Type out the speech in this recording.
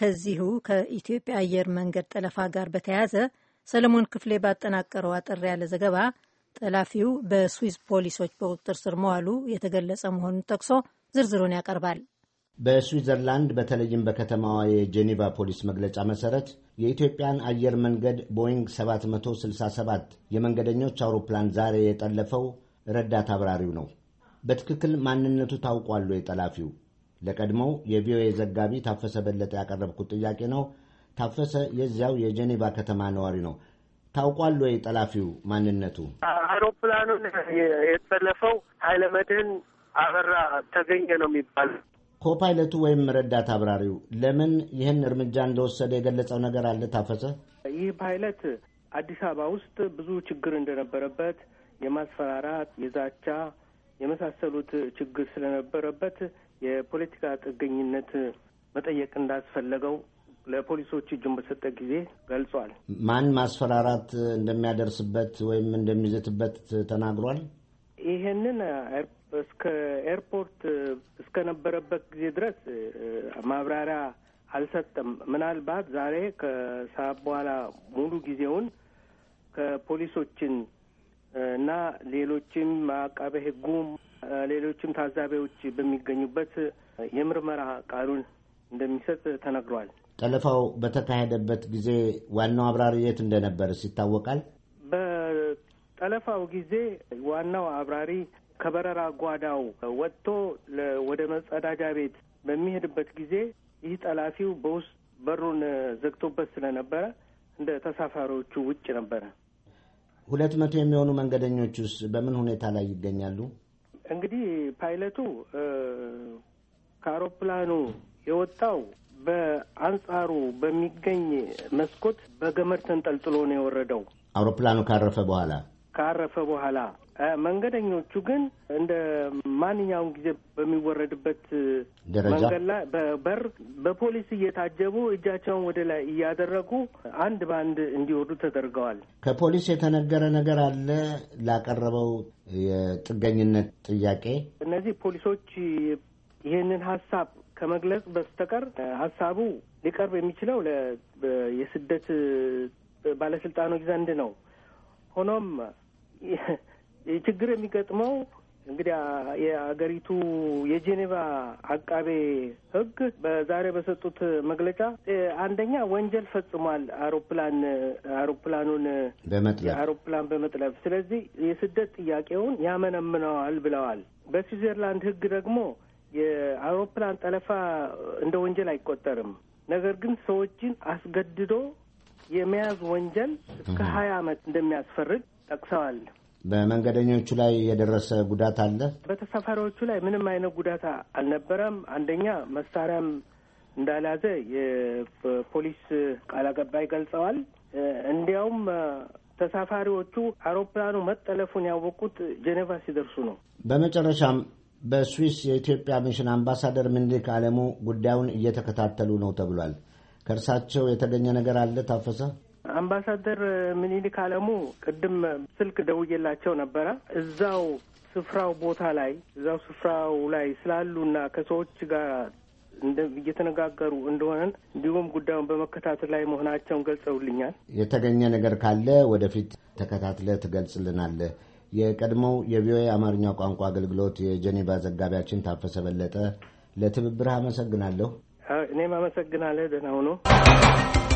ከዚሁ ከኢትዮጵያ አየር መንገድ ጠለፋ ጋር በተያያዘ ሰለሞን ክፍሌ ባጠናቀረው አጠር ያለ ዘገባ ጠላፊው በስዊዝ ፖሊሶች በቁጥጥር ስር መዋሉ የተገለጸ መሆኑን ጠቅሶ ዝርዝሩን ያቀርባል። በስዊዘርላንድ በተለይም በከተማዋ የጄኔቫ ፖሊስ መግለጫ መሰረት የኢትዮጵያን አየር መንገድ ቦይንግ 767 የመንገደኞች አውሮፕላን ዛሬ የጠለፈው ረዳት አብራሪው ነው። በትክክል ማንነቱ ታውቋል የጠላፊው ለቀድሞው የቪኦኤ ዘጋቢ ታፈሰ በለጠ ያቀረብኩት ጥያቄ ነው። ታፈሰ የዚያው የጀኔቫ ከተማ ነዋሪ ነው። ታውቋል ወይ ጠላፊው ማንነቱ? አውሮፕላኑን የተጠለፈው ኃይለ መድህን አበራ ተገኘ ነው የሚባል ኮፓይለቱ ወይም ረዳት አብራሪው ለምን ይህን እርምጃ እንደወሰደ የገለጸው ነገር አለ ታፈሰ? ይህ ፓይለት አዲስ አበባ ውስጥ ብዙ ችግር እንደነበረበት የማስፈራራት የዛቻ የመሳሰሉት ችግር ስለነበረበት የፖለቲካ ጥገኝነት መጠየቅ እንዳስፈለገው ለፖሊሶች እጁን በሰጠ ጊዜ ገልጿል። ማን ማስፈራራት እንደሚያደርስበት ወይም እንደሚዘትበት ተናግሯል። ይሄንን እስከ ኤርፖርት እስከነበረበት ጊዜ ድረስ ማብራሪያ አልሰጠም። ምናልባት ዛሬ ከሰዓት በኋላ ሙሉ ጊዜውን ከፖሊሶችን እና ሌሎችም አቃቤ ሕጉም ሌሎችም ታዛቢዎች በሚገኙበት የምርመራ ቃሉን እንደሚሰጥ ተነግሯል። ጠለፋው በተካሄደበት ጊዜ ዋናው አብራሪ የት እንደነበርስ ይታወቃል? በጠለፋው ጊዜ ዋናው አብራሪ ከበረራ ጓዳው ወጥቶ ወደ መጸዳጃ ቤት በሚሄድበት ጊዜ ይህ ጠላፊው በውስጥ በሩን ዘግቶበት ስለነበረ እንደ ተሳፋሪዎቹ ውጭ ነበረ። ሁለት መቶ የሚሆኑ መንገደኞች ውስጥ በምን ሁኔታ ላይ ይገኛሉ? እንግዲህ ፓይለቱ ከአውሮፕላኑ የወጣው በአንጻሩ በሚገኝ መስኮት በገመድ ተንጠልጥሎ ነው የወረደው። አውሮፕላኑ ካረፈ በኋላ ካረፈ በኋላ መንገደኞቹ ግን እንደ ማንኛውም ጊዜ በሚወረድበት መንገድ ላይ በበር በፖሊስ እየታጀቡ እጃቸውን ወደ ላይ እያደረጉ አንድ በአንድ እንዲወርዱ ተደርገዋል። ከፖሊስ የተነገረ ነገር አለ ላቀረበው የጥገኝነት ጥያቄ እነዚህ ፖሊሶች ይህንን ሀሳብ ከመግለጽ በስተቀር ሀሳቡ ሊቀርብ የሚችለው የስደት ባለስልጣኖች ዘንድ ነው። ሆኖም ችግር የሚገጥመው እንግዲህ የአገሪቱ የጄኔቫ አቃቤ ሕግ በዛሬ በሰጡት መግለጫ አንደኛ ወንጀል ፈጽሟል፣ አውሮፕላን አውሮፕላኑን በመጥለፍ አውሮፕላን በመጥለፍ ስለዚህ የስደት ጥያቄውን ያመነምነዋል ብለዋል። በስዊዘርላንድ ሕግ ደግሞ የአውሮፕላን ጠለፋ እንደ ወንጀል አይቆጠርም። ነገር ግን ሰዎችን አስገድዶ የመያዝ ወንጀል እስከ ሀያ አመት እንደሚያስፈርግ ጠቅሰዋል። በመንገደኞቹ ላይ የደረሰ ጉዳት አለ? በተሳፋሪዎቹ ላይ ምንም አይነት ጉዳት አልነበረም። አንደኛ መሳሪያም እንዳልያዘ የፖሊስ ቃል አቀባይ ገልጸዋል። እንዲያውም ተሳፋሪዎቹ አውሮፕላኑ መጠለፉን ያወቁት ጄኔቫ ሲደርሱ ነው። በመጨረሻም በስዊስ የኢትዮጵያ ሚሽን አምባሳደር ምንሊክ አለሙ ጉዳዩን እየተከታተሉ ነው ተብሏል። ከእርሳቸው የተገኘ ነገር አለ ታፈሰ? አምባሳደር ምኒልክ አለሙ ቅድም ስልክ ደውዬላቸው ነበረ እዛው ስፍራው ቦታ ላይ እዛው ስፍራው ላይ ስላሉና ከሰዎች ጋር እየተነጋገሩ እንደሆነ እንዲሁም ጉዳዩን በመከታተል ላይ መሆናቸውን ገልጸውልኛል። የተገኘ ነገር ካለ ወደፊት ተከታትለ ትገልጽልናለህ። የቀድሞው የቪኦኤ አማርኛ ቋንቋ አገልግሎት የጀኔቫ ዘጋቢያችን ታፈሰ በለጠ፣ ለትብብርህ አመሰግናለሁ። እኔም አመሰግናለህ። ደህና ሁኑ።